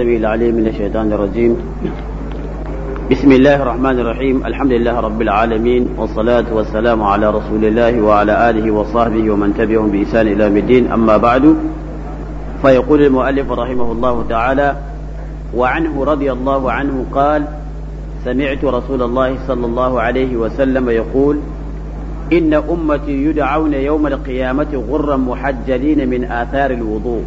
السميع العليم من الشيطان الرجيم بسم الله الرحمن الرحيم الحمد لله رب العالمين والصلاة والسلام على رسول الله وعلى آله وصحبه ومن تبعهم بإحسان إلى الدين أما بعد فيقول المؤلف رحمه الله تعالى وعنه رضي الله عنه قال سمعت رسول الله صلى الله عليه وسلم يقول إن أمتي يدعون يوم القيامة غرا محجلين من آثار الوضوء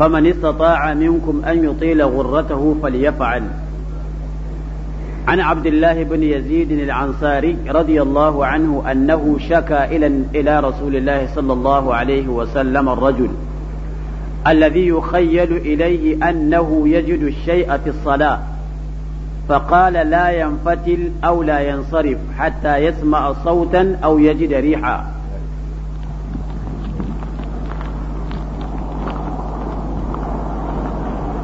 فمن استطاع منكم أن يطيل غرته فليفعل عن عبد الله بن يزيد العنصاري رضي الله عنه أنه شكى إلى إلى رسول الله صلى الله عليه وسلم الرجل الذي يخيل إليه أنه يجد الشيء في الصلاة فقال لا ينفتل أو لا ينصرف حتى يسمع صوتا أو يجد ريحا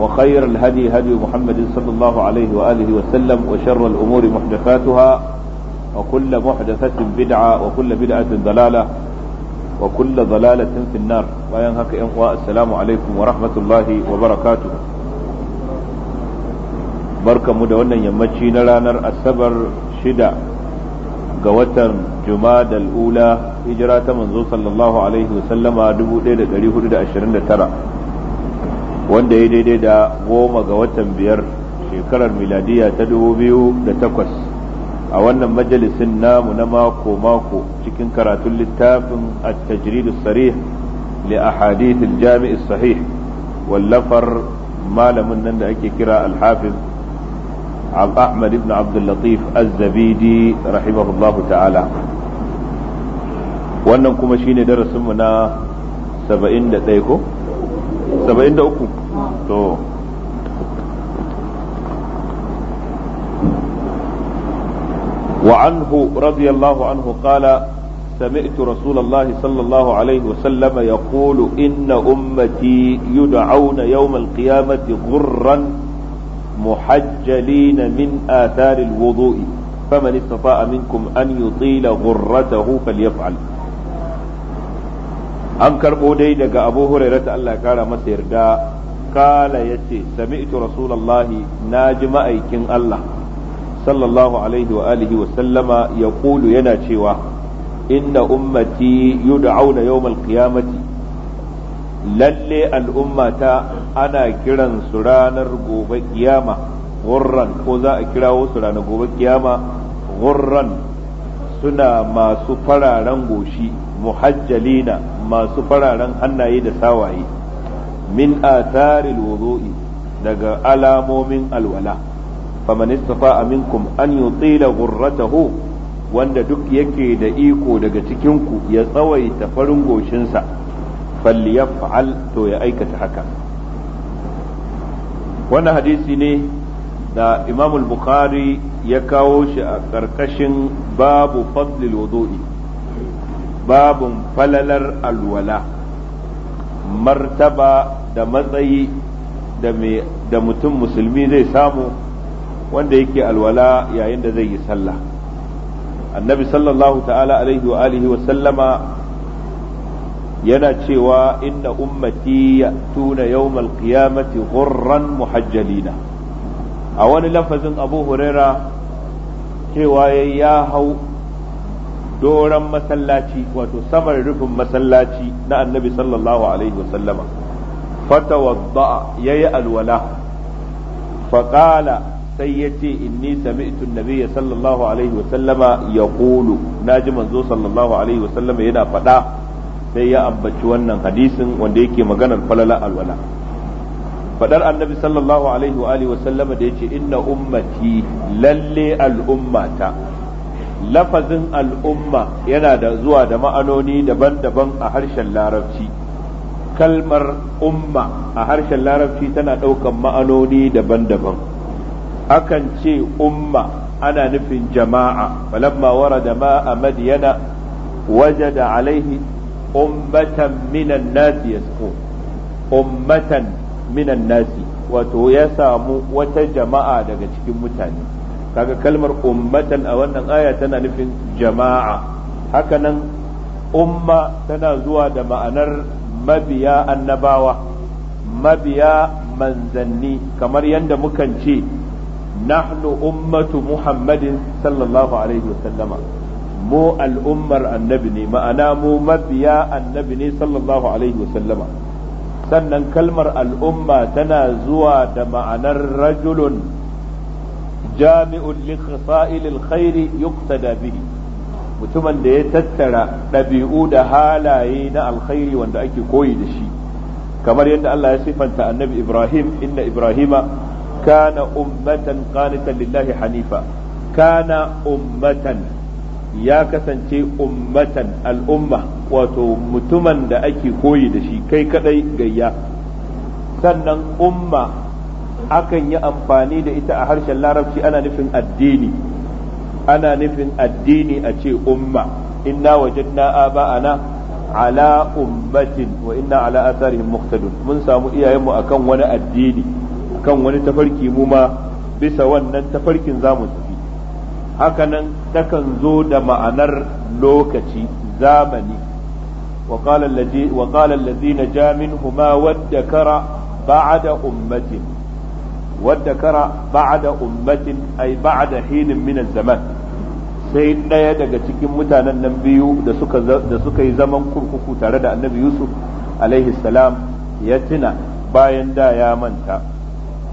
وخير الهدي هدي محمد صلى الله عليه وآله وسلم وشر الأمور محدثاتها وكل محدثة بدعة وكل بدعة ضلالة وكل ضلالة في النار وينهك إنقواء السلام عليكم ورحمة الله وبركاته بركة مدونة يمتشي نرانر السبر شدة قوة جماد الأولى إجراء منذ صلى الله عليه وسلم دبو ليلة 129 wanda ya daidai da goma ga watan biyar shekarar miladiya ta dubu biyu da takwas a wannan majalisin namu na mako-mako cikin karatun littafin a tajridu sarih li ahadith jami'i sahih wallafar malamin nan da ake kira alhafiz ahmad ibn abdullatif az-zabidi rahimahullahu ta'ala wannan kuma shine darasinmu na saba'in da ɗaya ko سبعين دا uku تو وعنه رضي الله عنه قال سمعت رسول الله صلى الله عليه وسلم يقول إن أمتي يدعون يوم القيامة غرا محجلين من آثار الوضوء فمن استطاع منكم أن يطيل غرته فليفعل an karbo dai daga abu hurairah ta Allah kara masa yarda kala yace sami'tu na ji ma'aikin Allah sallallahu alaihi wa alihi wa sallama kulu yana cewa inna ummati yud'auna yawmal qiyamati lalle al'ummata ana kiran su ranar gobe kiyama gurran ko za a kirawo su ranar gobe kiyama gurran suna masu fararen goshi muhajjalina masu fararen hannaye da sawaye min atharil wudu'i daga alamomin alwala faman istata'a minkum an yutila ghurratahu wanda duk yake da iko daga cikin ku ya tsawaita farin goshinsa falyaf'al to ya aikata haka wannan hadisi ne da imamul bukhari ya kawo shi a ƙarƙashin babu fadlil wudu'i babun falalar alwala martaba da matsayi da mutum musulmi zai samu wanda yake alwala yayin da zai yi sallah annabi sallallahu ta'ala alaihi wa alihi wa sallama yana cewa inna ummati tuna yawmal qiyamati ghurran muhajjalina a wani lafazin abu huraira cewa ya hau doran masallaci wato saman rufin masallaci na annabi sallallahu alaihi wasallama ya yi alwala Faƙala sai ya ce inni sami'tu nabiyya sallallahu alaihi wasallama na ji manzo sallallahu alaihi wasallama yana faɗa sai ya ambaci wannan hadisin wanda yake maganar falala alwala fadar annabi sallallahu alaihi wa alihi wasallama da yace inna ummati lalle al'ummata lafazin al'umma yana da zuwa da ma'anoni daban-daban a harshen larabci kalmar umma a harshen larabci tana ɗaukan ma'anoni daban-daban akan ce umma ana nufin jama'a da warada yana madiyana da alaihi ummatan minan nasi yasqu ummatan minan nasi wato ya samu wata jama'a daga cikin mutane kaga kalmar ummatan a wannan aya tana nufin jama'a hakanan umma tana zuwa da ma'anar mabiya annabawa mabiya manzanni kamar yadda mukan ce nahnu ummatu muhammadin sallallahu alaihi wasallama mu al'ummar annabi ne ma'ana mu mabiya annabi ne sallallahu alaihi wasallama sannan kalmar al'umma tana zuwa da ma'anar rajulun jami'un li khasa'ilil khairi yuqtada bihi mutumin da ya tattara ɗabi'u da halaye na alkhairi wanda ake koyi da shi kamar yadda Allah ya sifanta annabi Ibrahim inna Ibrahima kana ummatan qanitan lillahi hanifa kana ummatan ya kasance ummatan al'umma wato mutumin da ake koyi da shi kai kadai gayya sannan umma akan yi amfani da ita a harshen larabci ana nufin addini ana nufin addini a ce umma inna wajadna aba'ana ala ummatin wa inna ala atharihim muqtadun mun samu iyayenmu akan wani addini akan wani tafarki mu ma bisa wannan tafarkin zamu tafi hakanan takan zo da ma'anar lokaci zamani wa qala allazi wa qala allazina ja minhuma waddakara ummatin والذكر بعد أمة أي بعد حين من الزمان sai ɗaya daga cikin mutanen nan biyu da suka da suka yi zaman kurkuku tare da annabi yusuf alaihi salam ya tuna bayan da ya manta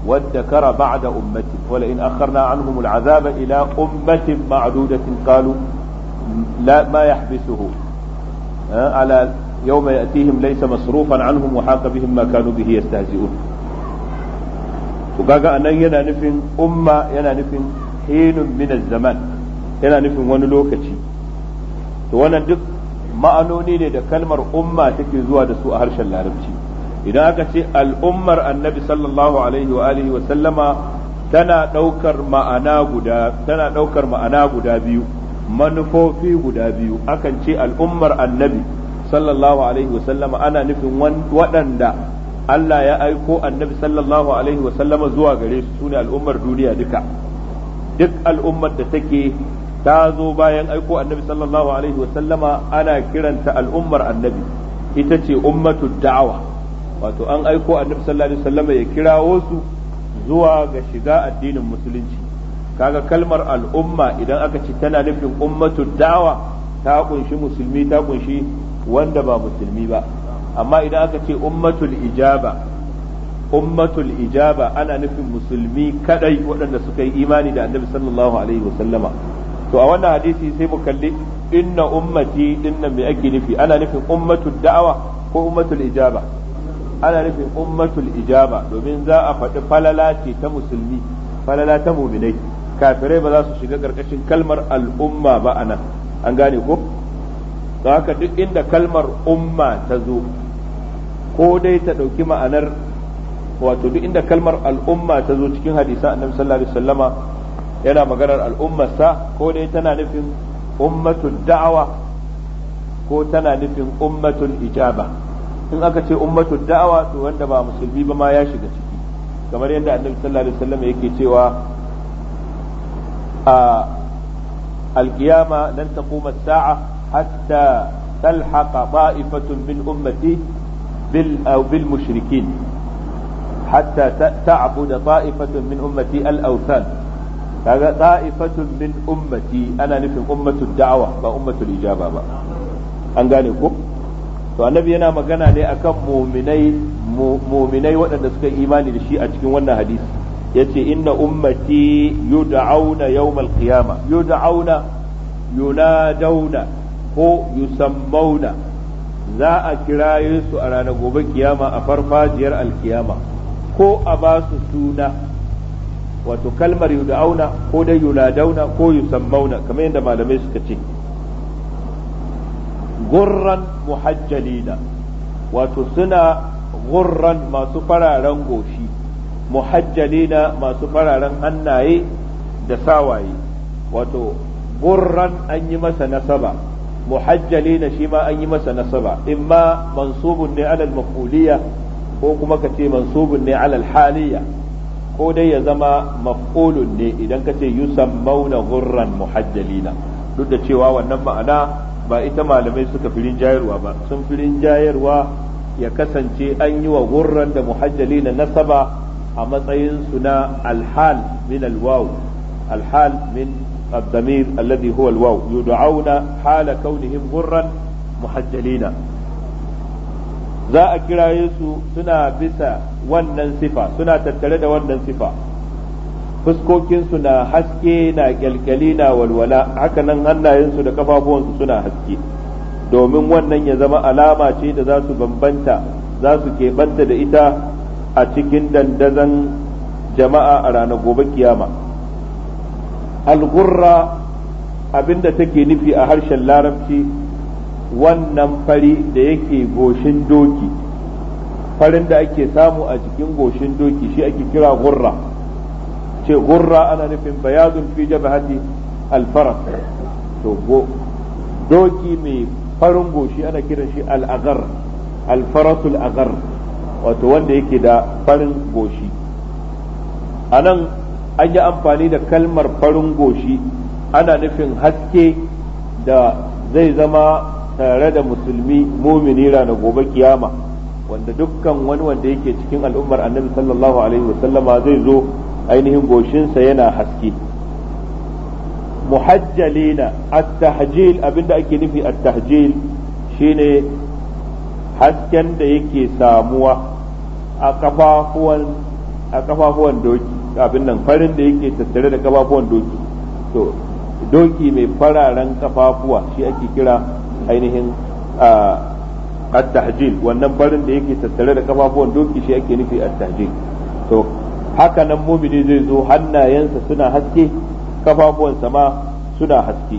wadda kara ba'da ummati wala in akharna anhum al'azaba ila ummatin ma'dudatin qalu la ma yahbisuhu ala yawma yatihim laysa masrufan anhum wa haqa bihim ma kanu bihi yastahzi'un ku kaga anan yana nufin umma yana nufin hinun min zaman yana nufin wani lokaci to wannan duk ma'anoni ne da kalmar umma take zuwa da su a harshen larabci idan aka ce al'ummar annabi sallallahu alaihi wa alihi wa sallama tana daukar ma'ana guda tana daukar ma'ana guda biyu manufofi guda biyu akan ce al'ummar annabi sallallahu alaihi wa sallama ana nufin waɗanda Allah ya aiko annabi sallallahu alaihi wa sallama zuwa gare su sune al'ummar duniya duka duk al'ummar da take ta zo bayan aiko annabi sallallahu alaihi wa sallama ana kiranta al'ummar annabi ita ce ummatu da'awa wato an aiko annabi sallallahu alaihi wa sallama ya kirawo su zuwa ga shiga addinin musulunci kaga kalmar al'umma idan aka ce tana nufin ummatu da'awa ta kunshi musulmi ta kunshi wanda ba musulmi ba amma idan aka ce ummatul ijaba ummatul ijaba ana nufin musulmi kadai waɗanda suka yi imani da annabi sallallahu alaihi wasallama to a wannan hadisi sai mu kalli inna ummati dinnan me ake nufi ana nufin ummatul da'awa ko ummatul ijaba ana nufin ummatul ijaba domin za a faɗi falala ce ta musulmi falala ta muminai kafirai ba za su shiga ƙarƙashin kalmar al'umma ba anan an gane ko da haka duk inda kalmar umma ta zo ko dai ta ɗauki ma'anar wato duk inda kalmar al'umma ta zo cikin hadisan annabi sallallahu alaihi wasallama yana maganar al'ummarsa ko dai tana nufin ummatul da'awa ko tana nufin ummatul ijaba in aka ce ummatul da'awa to wanda ba musulmi ba ma ya shiga ciki kamar yadda annabi sallallahu alaihi wasallama yake cewa a alkiyama lan taquma sa'a hatta talhaqa ba'ifatun min ummati bil aw bil mushrikin hatta ta'budu ba'ifatun min ummati al awthan kaga ta'ifatun min ummati ana nufin ummatud da'wa ba ummatul ijaba ba an gane ko to annabi yana magana ne a kan muminai waɗanda suka imani da shi a cikin wannan hadisi yace inna ummati yud'auna yawmal qiyama yud'auna ko yusammauna za a kiraye su a ranar gobe kiyama a farfajiyar alkiyama ko a ba su suna wato kalmar yuda'auna ko dai yuladauna ko yusammauna kamar yadda malamai suka ce gurran muhajjalina wato suna gurran masu fararen goshi muhajjalina masu fararen hannaye da sawaye wato gurran an yi masa nasaba muhajjalina shi ma an yi masa nasaba ma mansubun ne alal maf'uliyya ko kuma ka ce mansubun ne alal haliyya ko dai ya zama maf'ulun ne idan ka ce mauna gurran muhajjalina duk da cewa wannan ma'ana ba ita malamai suka firin jayarwa ba sun firin jayarwa ya kasance an yi wa gurran da muhajjalina nasaba a matsayinsu na alhal min alwaw alhal min الضمير الذي هو الواو يدعون حال كونهم غرا محجلين za a kiraye suna bisa wannan sifa suna tattare da wannan sifa fuskokinsu na haske na kyalkyali na walwala hakanan hannayensu da kafafuwansu suna haske domin wannan ya zama alama ce da za su bambanta za su keɓanta da ita a cikin dandazon jama'a a ranar gobe kiyama algurra abinda take nufi a harshen larabci wannan fari da yake goshin doki farin da ake samu a jikin goshin doki shi ake kira gurra ce gurra ana nufin bayazun fi jabhati alfaras to doki mai farin goshi ana kiran shi al'agar alfarasul agar wato wanda yake da farin goshi anan an yi amfani da kalmar farin goshi ana nufin haske da zai zama tare da musulmi mumini rana gobe kiyama wanda dukkan wani wanda yake cikin al'ummar annabi sallallahu alaihi wasallama zai zo ainihin goshinsa yana haske muhajjalina at-tahjil abinda ake nufi at-tahjil shine hasken da yake samuwa a kafafuwan doki abin nan farin da yake tattare da kafafuwan doki to doki mai fararen kafafuwa shi ake kira ainihin at-tahjil wannan farin da yake tattare da kafafuwan doki shi ake nufi at-tahjil to haka nan mumini zai zo hannayensa suna haske kafafuwan ma suna haske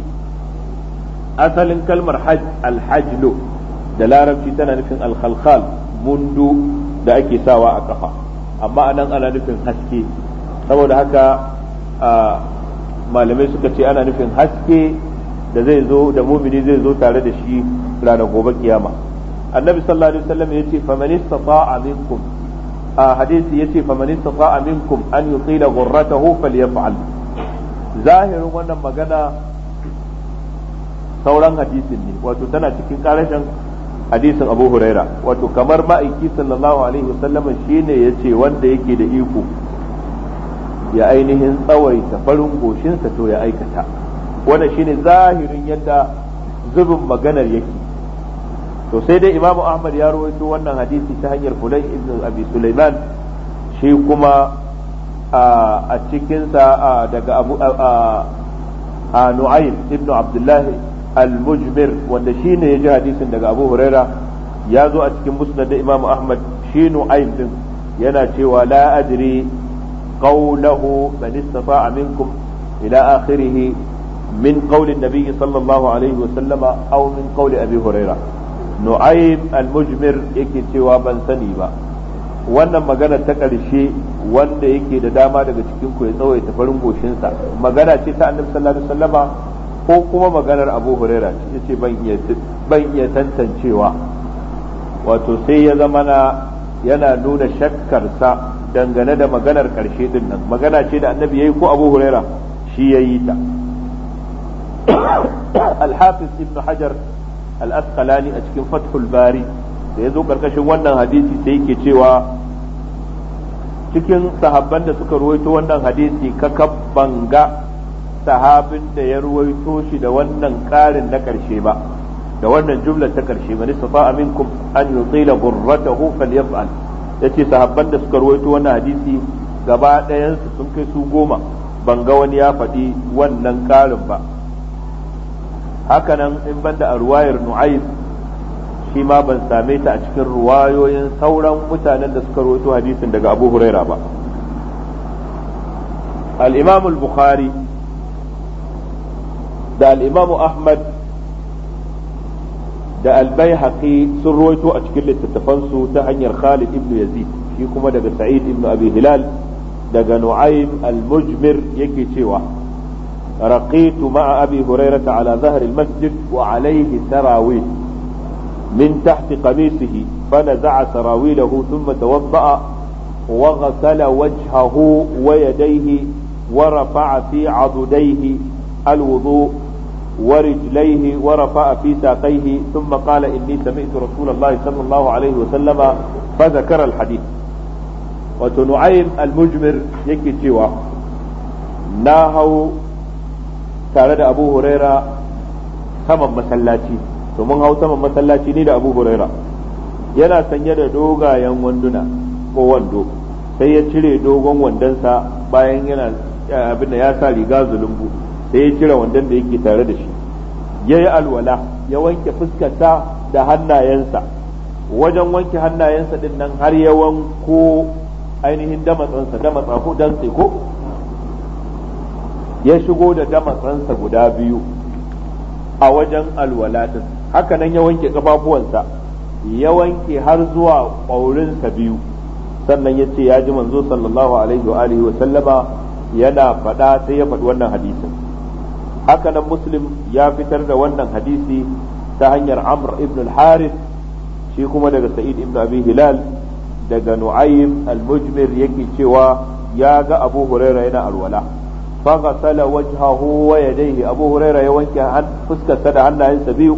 asalin kalmar hajj alhajlu da larabci tana nufin alkhalkhal mundu da ake sawa a kafa amma anan ana nufin haske saboda haka malamai suka ce ana nufin haske da zai zo da mumini zai zo tare da shi ranar gobe kiyama annabi sallallahu alaihi wasallam yace faman istata'a minkum a hadisi ya yace faman istata'a minkum an yutila ghurratahu falyaf'al zahirin wannan magana sauran hadisin ne wato tana cikin karashin hadisin Abu Huraira wato kamar ma'aiki sallallahu alaihi wasallam shine ce wanda yake da iko ya ainihin tsawaita farin goshinsa to ya aikata wannan shine zahirin yadda zubin maganar yake to sai dai imamu ahmad ya rawaito wannan hadisi ta hanyar fulai ibn abi sulaiman shi kuma a cikinsa daga abu a nu'aym ibn abdullahi al-mujmir wanda shine ya ji hadisin daga abu huraira ya zo a cikin musnad da imamu ahmad shi nu'aym din yana cewa la adri قوله من استطاع منكم إلى آخره من قول النبي صلى الله عليه وسلم أو من قول أبي هريرة نعيم المجمر يكي وابن wannan magana ta ƙarshe wanda yake da dama daga cikin ya tsawaita farin goshinsa magana ce ta annabi sallallahu alaihi wasallama ko kuma maganar abu huraira ce yace ban iya ban iya tantancewa wato sai ya zama na yana nuna shakkarsa dangane da maganar karshe din nan magana ce da annabi yayi ko abu huraira shi yayi ta alhafiz hafiz ibn hajar al-asqalani a cikin fathul bari da zo karkashin wannan hadisi sai yake cewa cikin sahabban da suka ruwaito wannan hadisi kakab banga sahabin da ya ruwaito shi da wannan ƙarin na karshe ba da wannan jumla ta karshe man istata'a minkum an yutila ghurratahu falyaf'al ya ce sahabban da suka ruwaito wannan hadisi gaba ɗayansu sun kai su goma ban ga wani ya faɗi wannan ƙarin ba hakanan in banda a ruwayar nu'ayis shi ma ban same ta a cikin ruwayoyin sauran mutanen da suka ruwaito hadisin daga abu huraira ba al imamul bukhari da al imamu ahmad da albai haƙi sun ruwaito a cikin littattafansu ta hanyar khalid ibn yazid shi kuma daga sa'id ibnu abi hilal daga nu'aym al-mujmir yake cewa raqitu ma'a abi hurairata ala zahr al-masjid wa alayhi sarawil min taht qamisihi fa naza'a sarawilahu thumma tawadda'a wa ghasala wajhahu wa yadayhi wa rafa'a fi 'adudayhi al-wudu' ورجليه ورفع في ساقيه ثم قال إني سمعت رسول الله صلى الله عليه وسلم فذكر الحديث وتنعيم المجمر يكي تيوا ناهو تارد أبو هريرة saman masallaci to hau saman masallaci ne da abu huraira yana sanye da dogayen wanduna ko wando sai ya cire dogon wandonsa bayan abin da ya sa riga zulumbu sai ya cire wandon da yake tare da shi ya yi alwala ya wanke fuskarsa da hannayensa wajen wanke hannayensa din nan har ya wanko ainihin damatsansa damatsa ko dantse ko ya shigo da damatsansa guda biyu a wajen alwala din haka nan ya wanke kafafuwansa ya wanke har zuwa ƙaurinsa biyu sannan ya ce ya ji manzo sallallahu alaihi wa alihi wa sallama yana faɗa sai ya faɗi wannan hadisin haka nan muslim ya fitar da wannan hadisi ta hanyar amr ibn al-harith shi kuma daga sa'id ibn abi hilal daga nu'aym al-mujmir yake cewa ya ga abu huraira yana alwala fa ghasala wajhahu wa yadayhi abu huraira ya wanke fuskarsa da hannayensa biyu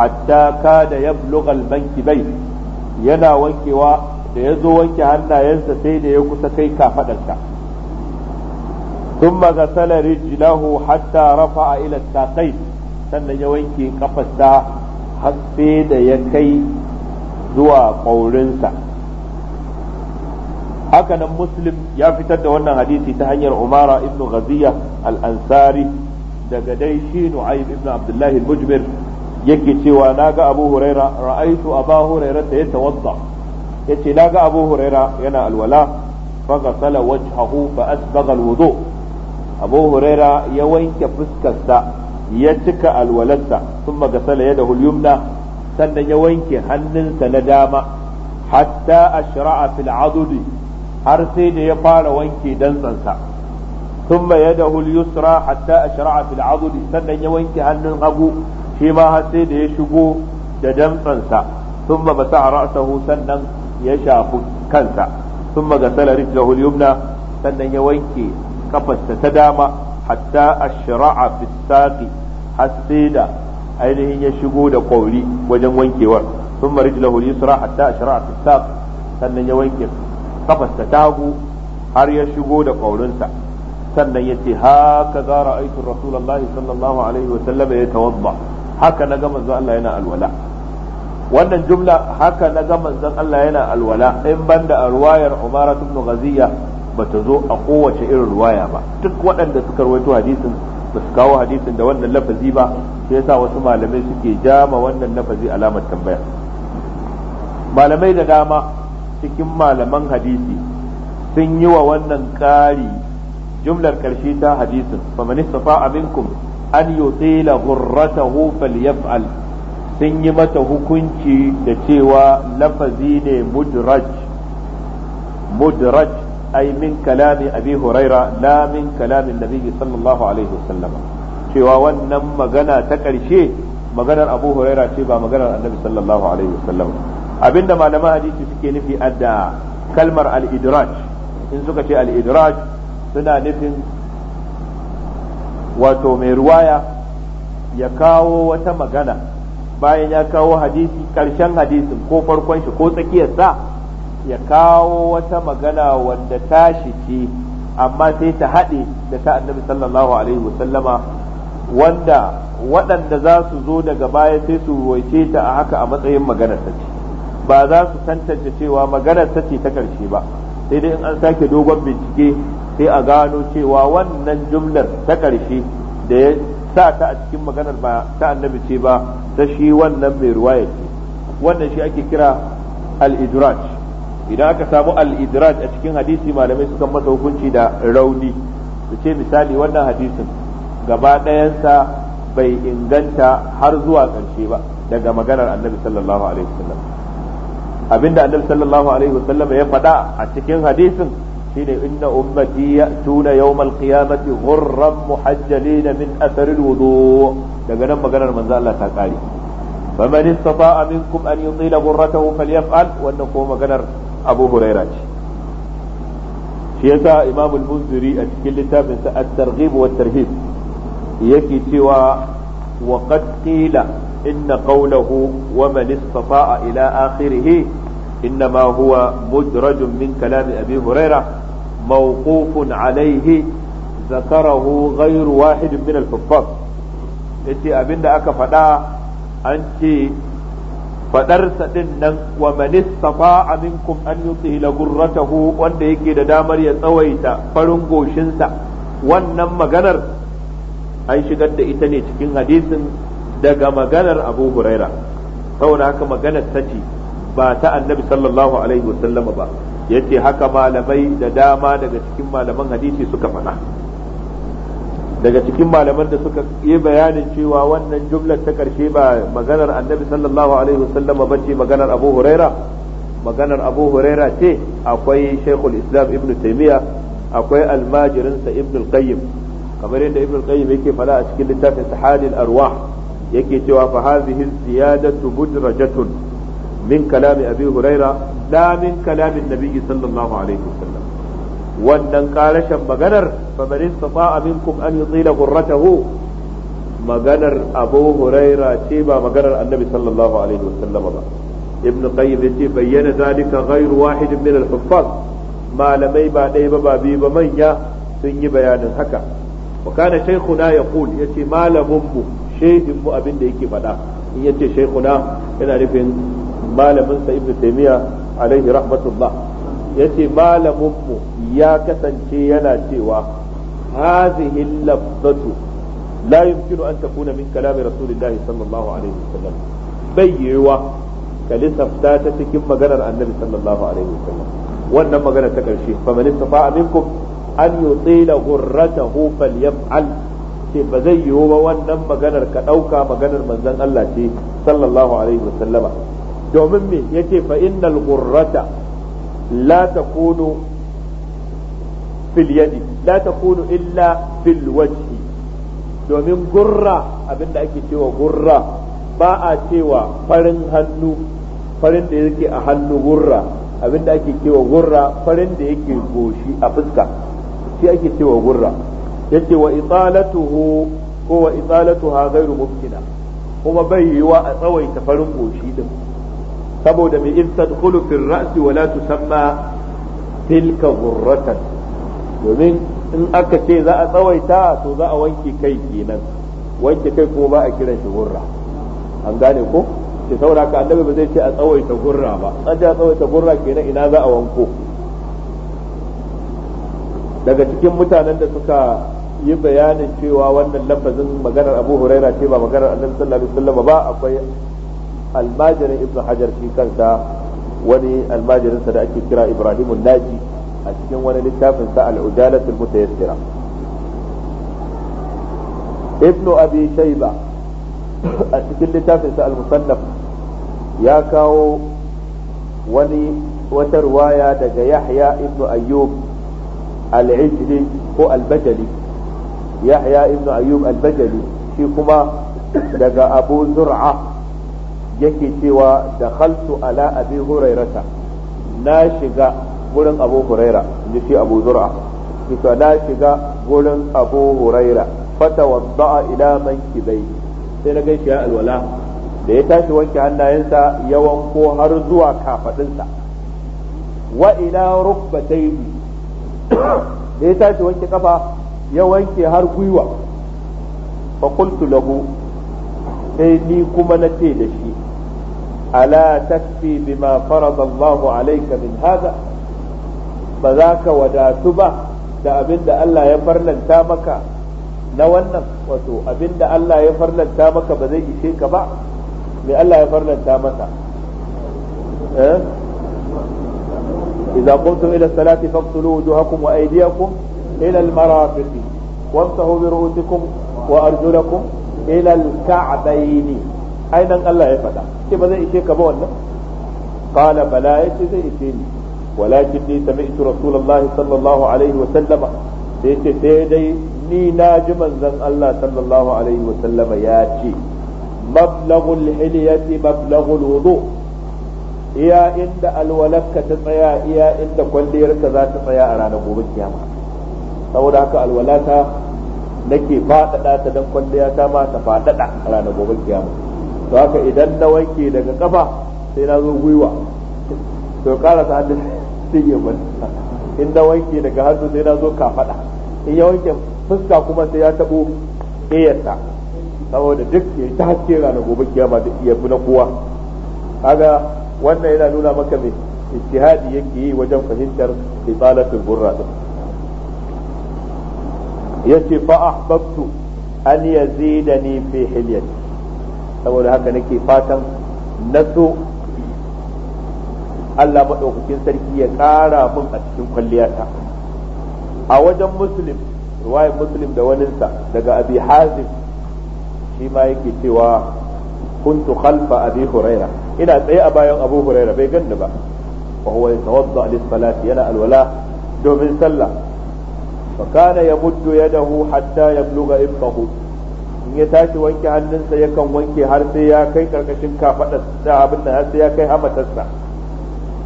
hatta kada yablugha al-mankibai yana wankewa da ya zo wanke hannayensa sai da ya kusa kai kafadarsa ثم غسل رجله حتى رفع إلى الساقين sannan ya wanke kafasta haske da ya kai zuwa ƙaurinsa hakanan muslim ya fitar da wannan hadisi ta hanyar umara ibn ghaziya al-ansari daga dai shi nu'aym ibn abdullah al-mujmir yake cewa ga abu huraira ra'aitu aba huraira ta yatawadda yace ga abu huraira yana alwala fa ghasala wajhahu fa asbagha al-wudu' abu huraira ya wanke fuskarsa ya cika alwalarsa sun magasala ya da hulyumna sannan ya wanke hannunsa na dama hatta ashra'a fil adudi har sai da ya fara wanke dantsansa ثم يده اليسرى حتى أشرع في العضد سنة يوينك هنن أبو فيما هسيد يشبو ددم فنسا ثم بسع رأسه سنة يشاف كنسا ثم غسل رجله sannan ya wanke. kafasta ta dama hatta a fi saqi har sai da ainihin ya shigo da kwauri wajen wankewar sun mari da lahuri sura hatta ashra'a fi saq sannan ya wanke kafarsa ta hagu har ya shigo da kwaurinsa sannan ya ce haka za ra'aitu rasulallah sallallahu alaihi wa sallama ya tawadda haka na gama manzon Allah yana alwala wannan jumla haka na gama zan Allah yana alwala in banda a ruwayar Umar mu Ghaziya bata zo a kowace irin ruwaya ba duk waɗanda suka rawaito hadisin ba su kawo hadisin da wannan lafazi ba sai yasa wasu malamai suke jama wannan lafazi alamar tambaya malamai da dama cikin malaman hadisi sun yi wa wannan ƙari jumlar ƙarshe ta hadisin faman istafa minkum an yutila ghurratahu falyaf'al sun yi mata hukunci da cewa lafazi ne mudraj mudraj ay min kalami abi huraira la kalamin nabiyyi sallallahu alaihi wasallam cewa wannan magana ta ƙarshe maganar abu huraira ce ba maganar annabi sallallahu alaihi wasallam abinda malaman hadisi suke nufi adda kalmar al-idraj in suka ce al-idraj suna nufin wato mai ruwaya ya kawo wata magana bayan ya kawo hadisi ƙarshen hadisin ko farkon shi ko tsakiyarsa ya kawo wata magana wanda ta ce amma sai ta haɗe da ta annabi sallallahu alaihi wasallama wanda waɗanda za su zo daga baya sai su ruwaice ta a haka a matsayin maganar ta ce ba za su tantance cewa maganar ta ce ta ƙarshe ba sai dai in an sake dogon bincike sai a gano cewa wannan jumlar ta ƙarshe da ya sa ta a cikin maganar ba ta annabi ce ba ta shi wannan mai ya ce wannan shi ake kira al-idraj idan aka samu al-idraj a cikin hadisi malamai suka masa hukunci da rauni su ce misali wannan hadisin gaba ɗayansa bai inganta har zuwa ƙarshe ba daga maganar annabi sallallahu alaihi wasallam abinda annabi sallallahu alaihi wasallam ya faɗa a cikin hadisin shine inna ummati ya'tuna yawmal qiyamati ghurran muhajjalin min athari alwudu daga nan maganar manzo Allah ta kare faman istata'a minkum an yutila ghurratahu falyaf'al wannan ko maganar abu huraira ce shi yasa imam al-munziri a cikin littafin sa at-targhib wa tarhib yake cewa wa qad qila inna qawluhu wa man istata'a ila akhirih إنما هو مدرج min kalami أبي هريرة موقوف عليه ذكره غير واحد من الحفاظ yace abin da aka faɗa an ce fadar sadin nan wa man istata'a minkum an yutila gurratahu wanda yake da damar ya tsawaita farin goshinsa wannan maganar an shigar da ita ne cikin hadisin daga maganar Abu Huraira saboda haka maganar tace ce ba ta Annabi sallallahu alaihi wasallama ba yace haka malamai da dama daga cikin malaman hadisi suka faɗa daga cikin malaman da suka yi bayanin cewa wannan jumlar ta karshe ba maganar annabi sallallahu alaihi ba ce maganar abu huraira maganar abu huraira ce akwai shaikhul islam ibnu taimiyya akwai almajirinsa ibnu qayyim kamar yadda ibn qayyim yake fada a cikin littafin sahadil arwah yake cewa fa hadhihi ziyadatu budrajatun min kalami abi huraira da min kalamin nabiyyi sallallahu alaihi wasallam wannan karashin maganar faman istata'a minkum an yutila qurratahu maganar Abu Huraira ce ba maganar Annabi sallallahu alaihi wasallam ba ibn qayyim yace bayyana zalika ghairu wahid min al-huffaz malamai ba ɗaya ba ba biyu ba manya sun yi bayanin haka wa kana shaykhuna yaqul yace malamun mu shehin mu abin da yake faɗa in yace shaykhuna yana nufin malamin sa ibn taymiya alaihi rahmatullah yace malaminmu ya kasance yana cewa hadhihi lafzatu la yumkinu an takuna min kalami rasulillah sallallahu alaihi wasallam bayyewa ka lissafta ta cikin maganar annabi sallallahu alaihi wasallam wannan magana ta karshe fa man istafa minkum an yutila ghurratahu falyaf'al ce ba zai yiwu ba wannan maganar ka dauka maganar manzon Allah ce sallallahu alaihi wasallama domin me yace fa innal ghurrata la takunu fil yadi la takunu illa fil wajhi domin gurra abinda ake cewa gurra ba a cewa farin hannu farin da yake a hannu gurra abinda ake cewa gurra farin da yake goshi a fuska shi ake cewa gurra yace wa italatuhu ko wa italatuha ghairu mumkina kuma bai yiwa a tsawaita farin goshi din saboda mai in tadkhulu fil ra'si wala tusamma tilka ghurratan domin in aka ce za a tsawaita to za a wanke kai kenan wanke kai ko ba a kiran shi gurra an gane ko ke saura ka annabi ba zai ce a tsawaita gurra ba an ja tsawaita gurra kenan ina za a wanko daga cikin mutanen da suka yi bayanin cewa wannan lafazin maganar Abu Huraira ce ba maganar Annabi sallallahu alaihi wasallam ba akwai almajirin ibnu hajar shi kansa wani almajirinsa da ake kira ibrahim naji a cikin wani littafin sa al'udalatul mutayassira ibnu abi shayba a cikin littafin sa al-musannaf ya kawo wani wata ruwaya daga yahya ibnu ayyub al-ijli ko al-bajali yahya ibnu ayyub al-bajali shi kuma daga abu yake cewa da khaltu ala abi hurairata na shiga gurin abu huraira ji shi abu zura kisa na shiga gurin abu huraira fata a ila man kibai sai na gaishe ya alwala da ya tashi wanke hannayensa ya wanko har zuwa kafadinsa wa ila rukbatayhi da ya tashi wanke kafa ya wanke har gwiwa fa qultu lahu sai ni kuma na ce da shi ألا تكفي بما فرض الله عليك من هذا بذاك وداتبة تأبن دا ألا يفر لن تامك نونا وتو أبن دا ألا يفر لن تامك بذي شيك بعض لألا يفر لن تامك أه؟ إذا قمتم إلى الصلاة فاقتلوا وجوهكم وأيديكم إلى المرافق وانتهوا برؤوسكم وأرجلكم إلى الكعبين ai nan Allah ya faɗa ce ba zai ishe ka ba wannan qala bala yace zai ishe ni walakin ni sami'tu rasulullahi sallallahu alaihi wa sallama sai yace sai dai ni na ji manzon Allah sallallahu alaihi wa sallama ya ce mablagul hilyati mablagul wudu iya inda alwalakka ta tsaya iya inda kwalliyarka za ta tsaya a ranar gobe kiyama saboda haka alwalata nake faɗaɗa ta dan kwalliya ta ma ta faɗaɗa a ranar gobe kiyama to haka idan na wanke daga kafa sai na zo gwiwa to hannu sai ya mana in na wanke daga hannu sai na zo kafada in ya wanke fuska kuma sai ya tabo ƙeyarsa saboda duk ya ta haske ranar gobe kiyama da iya na kowa kaga wannan yana nuna maka mai ijtihadi yake yi wajen fahimtar isalatul burra din yace fa ahbabtu an yazidani fi hilyati saboda haka nake fatan na so Allah maɗaukakin sarki ya kara mun a cikin kwalliyata a wajen muslim ruwayin muslim da waninsa daga abi hazim shi ma yake cewa kuntu khalfa abi huraira ina tsaye a bayan abu huraira bai ganni ba wa huwa yatawadda lis salati yana alwala domin sallah fa kana yamuddu yadahu hatta yabluga ibtahu in ya tashi wanke hannunsa yakan wanke har sai ya kai karkashin kafadar da abin da har sai ya kai hamatarsa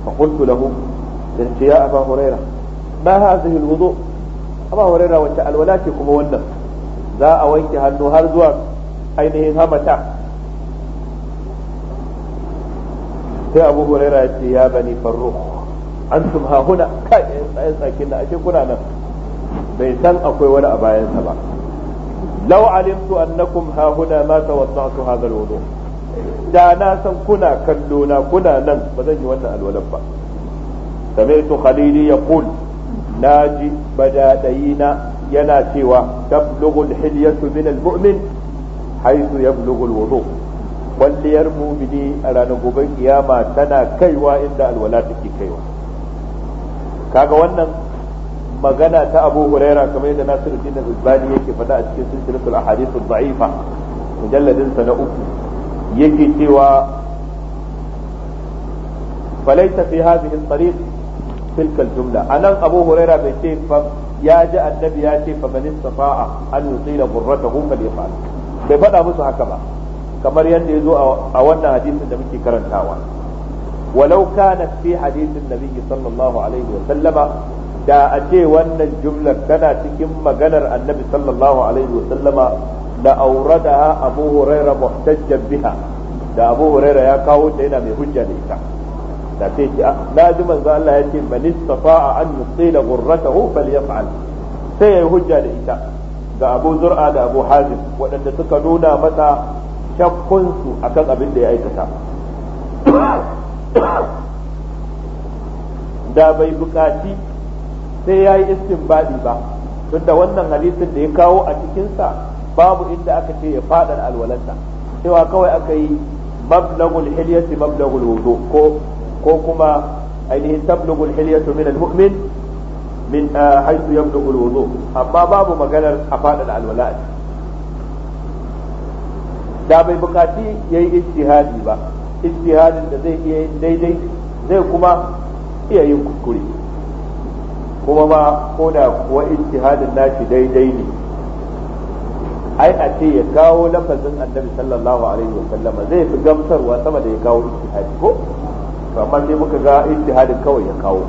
fa qultu lahu yace ya aba huraira ma hadhihi alwudu aba huraira wace alwala ce kuma wannan za a wanke hannu har zuwa ainihin hamata sai abu huraira ya ce ya bani farruh antum hahuna kai tsayin tsakin da ake kuna nan bai san akwai wani a bayansa ba law alimtu annakum ha mata ma tawadda'tu hadha alwudu da na san kuna kallo na kuna nan ba zan yi wannan alwalan ba sami'tu khalili yaqul naji badadayina yana cewa tablughu alhilyatu min almu'min haythu yablughu alwudu kwalliyar mumini a ranar gobe iyama tana kaiwa inda alwala take kaiwa kaga wannan magana ta Abu Huraira kamar yadda Nasiruddin Al-Albani yake faɗa a cikin silsilatul ahadith ad-da'ifa mujalladin sa na uku yake cewa falaita fi hadhihi at-tariq tilka al-jumla anan Abu Huraira bai ce fa ya ji annabi ya ce fa man istata'a an yusila ghurratahu falyafal bai faɗa musu haka ba kamar yadda ya zo a wannan hadisin da muke karantawa ولو كانت في حديث النبي صلى الله عليه وسلم da a ce wannan jumlar tana cikin maganar annabi sallallahu alaihi wasallama da aurada abu huraira muhtajjan biha da abu huraira ya kawo ta yana mai hujja da ita da sai ce ah, na ji manzo Allah ya man istata'a an yusila ghurratahu falyaf'al sai yayi hujja da ita ga abu zur'a da abu hazim waɗanda suka nuna masa shakkunsu akan abin da ya aikata da bai bukaci sai ya yi istinbadi ba da wannan hadisin da ya kawo a cikinsa babu inda aka ce ya fadar alwalarsa cewa kawai aka yi mablagul hilyati mablagul wudu ko ko kuma ainihin tablagul hilyatu min almu'min min ah, haythu yablugu alwudu amma babu maganar a fadar alwala da bai bukaci yayi ijtihadi ba ijtihadin da zai iya yin daidai zai kuma iya yin kuskure kuma ba ko da kuwa ijtihadin nashi daidai ne ai a ce ya kawo lafazin annabi sallallahu alaihi wa sallama zai fi gamsarwa sama da ya kawo ijtihadi ko amma sai muka ga ijtihadin kawai ya kawo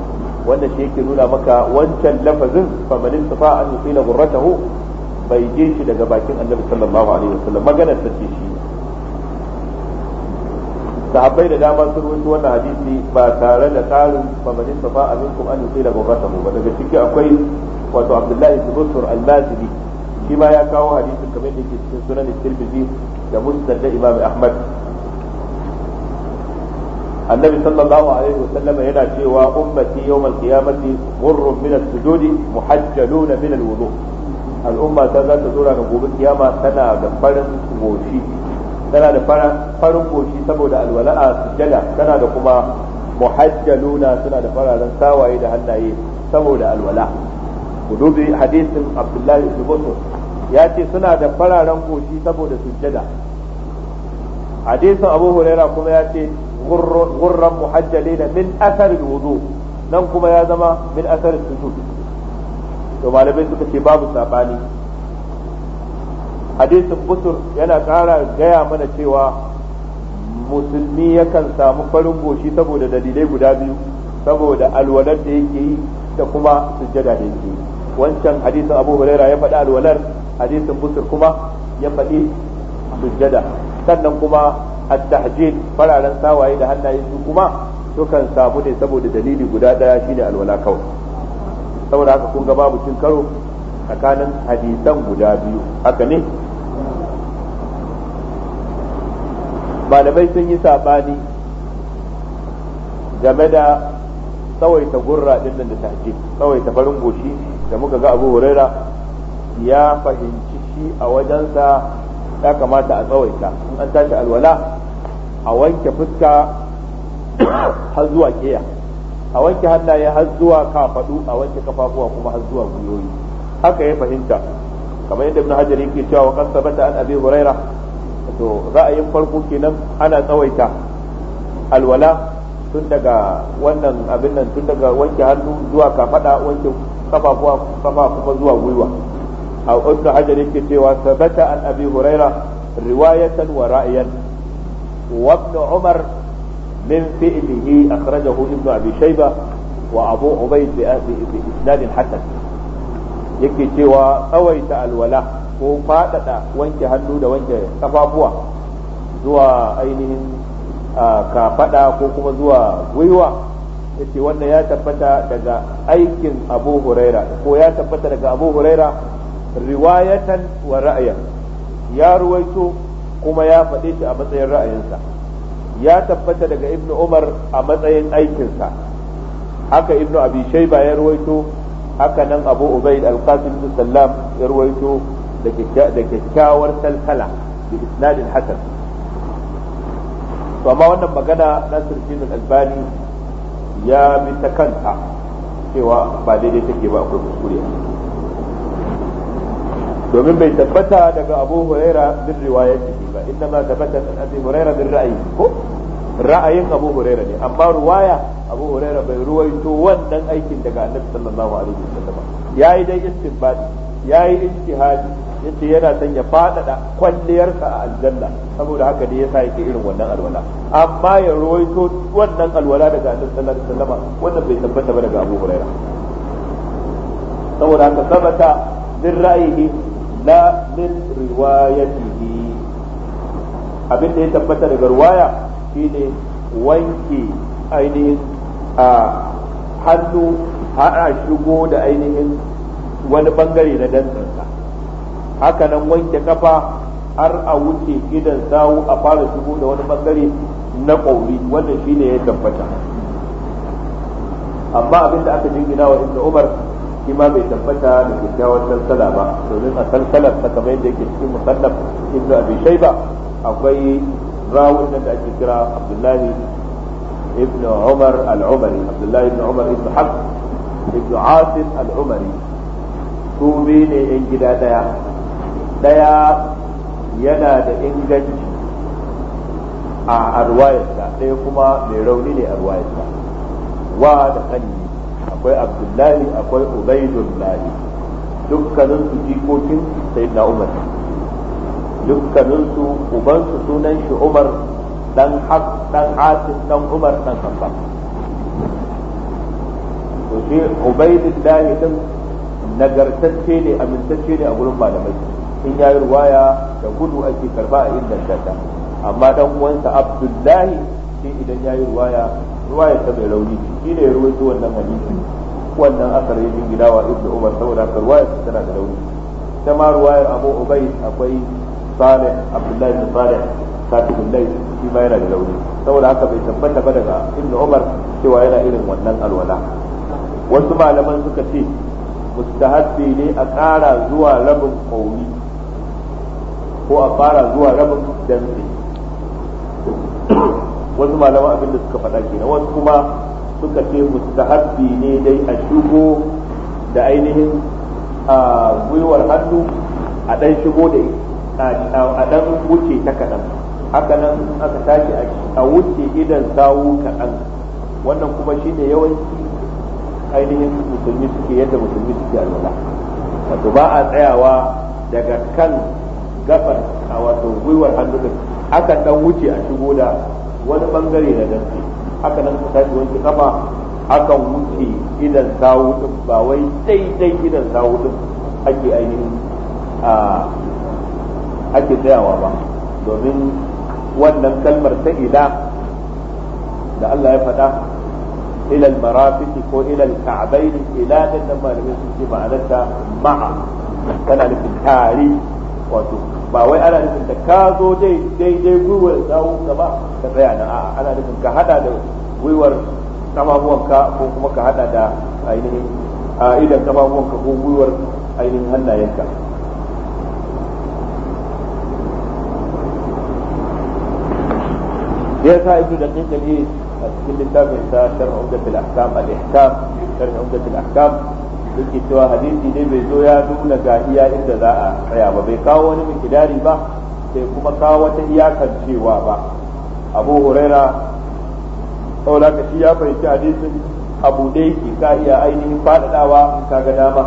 wanda shi yake nuna maka wancan lafazin fa man istafa an yusila ghurratahu bai je shi daga bakin annabi sallallahu alaihi wa sallam maganar ta ce shi sahabbai da dama sun rubuta wannan hadisi ba tare da tsarin famanin safa aminkum an yusila gurratahu ba daga ciki akwai wato abdullahi ibn busr al-mazini shi ma ya kawo hadisin kamar da yake cikin sunan tirmidhi da musnad da imam ahmad annabi sallallahu alaihi wa sallama yana cewa ummati yawm al-qiyamati ghurrun min as-sujudi muhajjaluna min al-wudu al'umma ta za ta zura gobe kiyama tana da farin goshi tana da farin goshi saboda alwala a jada tana da kuma muhajjaluna suna da fararen sawaye da hannaye saboda alwala ku dubi hadisin abdullahi ibn busur ya ce suna da fararen goshi saboda su jada hadisin abu huraira kuma ya ce gurran da min asarin wudu nan kuma ya zama min asarin sujud to malamai suka ce babu sabani hadisin busur yana ƙara gaya mana cewa musulmi yakan samu farin goshi saboda dalilai guda biyu saboda alwalar da yake yi da kuma sujjada da yake yi wancan hadisin abu huraira ya faɗi alwalar hadisin busur kuma ya faɗi sujjada sannan kuma at-tahjid fararen sawaye da hannaye su kuma sukan samu ne saboda dalili guda daya shine alwala kawai saboda haka kun ga babu cin karo tsakanin hadisan guda biyu haka ne malamai sun yi saɓani game da tsawaita gurra din nan da ce tsawaita farin goshi da muka ga abu huraira ya fahimci shi a wajensa ya kamata a tsawaita in an tashi alwala a wanke fuska har zuwa keya a wanke hannaye har zuwa kafaɗu a wanke kafafuwa kuma har zuwa gwiwoyi haka ya fahimta kamar yadda ibn hajar yake cewa wa qad sabata an abi huraira to ra'ayin farko kenan ana tsawaita alwala tun daga wannan abin nan tun daga wanke hannu zuwa kafada wanke kafafuwa kafa kuma zuwa gwiwa a ibn hajar yake cewa sabata an abi huraira riwayatan wa ra'yan wa ibn umar min fi'lihi akhrajahu ibn abi shayba wa abu ubayd bi isnad hasan yake cewa tsawaita alwala ko faɗaɗa wanke hannu da wanke kafafuwa zuwa ainihin kafaɗa ko kuma zuwa gwiwa yace wannan ya tabbata daga aikin abu huraira ko ya tabbata daga abu huraira riwayatan wa ra'ayan ya ruwaito kuma ya faɗe shi a matsayin ra'ayinsa ya tabbata daga ibnu umar a matsayin aikinsa haka ibnu abi shaiba ya ruwaito haka nan abu ubaid al-qasim bin sallam ya ruwaito da kyakkyawar salsala bi isnadin hasan to amma wannan magana nasir bin albani ya mita ta kanta cewa ba daidai take ba akwai kuskure domin bai tabbata daga abu huraira bin riwayatihi ba inda ma tabbata an abi huraira bin ra'ayi ko ra'ayin abu huraira ne amma ruwaya abu huraira bai ruwaito wannan aikin daga annabi sallallahu alaihi wasallam yayi dai istinbadi yayi ijtihadi yace yana son ya fadada kwalliyarsa a aljanna saboda haka ne yasa yake irin wannan alwala amma ya ruwaito wannan alwala daga annabi sallallahu alaihi wasallam wannan bai tabbata ba daga abu huraira saboda haka sabata min ra'ayihi la min riwayatihi abin da ya tabbata daga ruwaya shine wanke ainihin a hannu har a shigo da ainihin wani bangare na dantsansa hakanan wanke kafa har a wuce gidan sawu a fara shigo da wani bangare na ƙauri wannan shine ya tabbata amma abinda aka jingina wa ibnu umar shi ma bai tabbata da kyakkyawan salsala ba domin a salsalar ta kamar yadda yake cikin musallar ibnu abi shayba akwai rawun nan da ake kira abdullahi ibn umar al-umari abdullahi ibn umar ibn haq ibn asim al-umari su ne yan gida daya daya yana da inganci a arwayarsa ɗaya kuma mai rauni ne a arwayarsa wa da kanni akwai abdullahi akwai su jikokin sayyidina dukkaninsu ubansu sunan shi Umar dan Haq dan Asim dan Umar dan Khattab to shi Ubaydullah din nagartacce ne amintacce ne a gurin malamai in yayi ruwaya da gudu ake karba a inda ta amma dan uwansa Abdullahi shi idan yayi ruwaya ruwaya ta mai rauni shi ne ya ruwaito wannan hadisi wannan asar ya gidawa ibnu Umar saboda ruwaya tana da rauni ta ma ruwayar Abu Ubayd akwai salih yana da launi saboda haka bai tabbata ba daga ibnu umar cewa yana irin wannan alwala wasu malaman suka ce mustahabbi ne a ƙara zuwa rabin kauli ko a fara zuwa rabin dantse wasu malaman abin da suka faɗa na wasu kuma suka ce mustahabbi ne dai a shigo da ainihin a gwiwar hannu a ɗan shigo da a dan wuce ta kaɗan haka nan aka tashi a wuce idan sawu kaɗan wannan kuma shi ne yawanci ainihin musulmi suke yadda musulmi suke alwala wato ba a tsayawa daga kan gabar a wato gwiwar hannu din aka dan wuce a shigo da wani bangare na dantsi haka nan ka tashi wanke kafa akan wuce idan sawu din ba wai daidai idan sawu din ake ainihin ake tsayawa ba domin wannan kalmar ta ila da Allah ya faɗa ilal al ko ilal al ila din nan malamin sun ce ma'anarta ma'a tana nufin tare wato ba wai ana nufin da ka zo dai daidai gwiwar tsawon ka ba ka tsaya na a'a ana nufin ka hada da gwiwar kamamuwanka ko kuma ka hada da ainihin idan kamamuwanka ko gwiwar ainihin hannayenka shi yasa ibnu da kinkali a cikin littafin sa sharh umdatul ahkam al ihkam sharh umdatul ahkam yake cewa hadisi ne bai zo ya nuna ga iya inda za a tsaya ba bai kawo wani mikidari ba sai kuma kawo wata iyakar cewa ba abu huraira saboda ka shi ya fahimci hadisin abu dai ke ka iya ainihin faɗaɗawa ka ga dama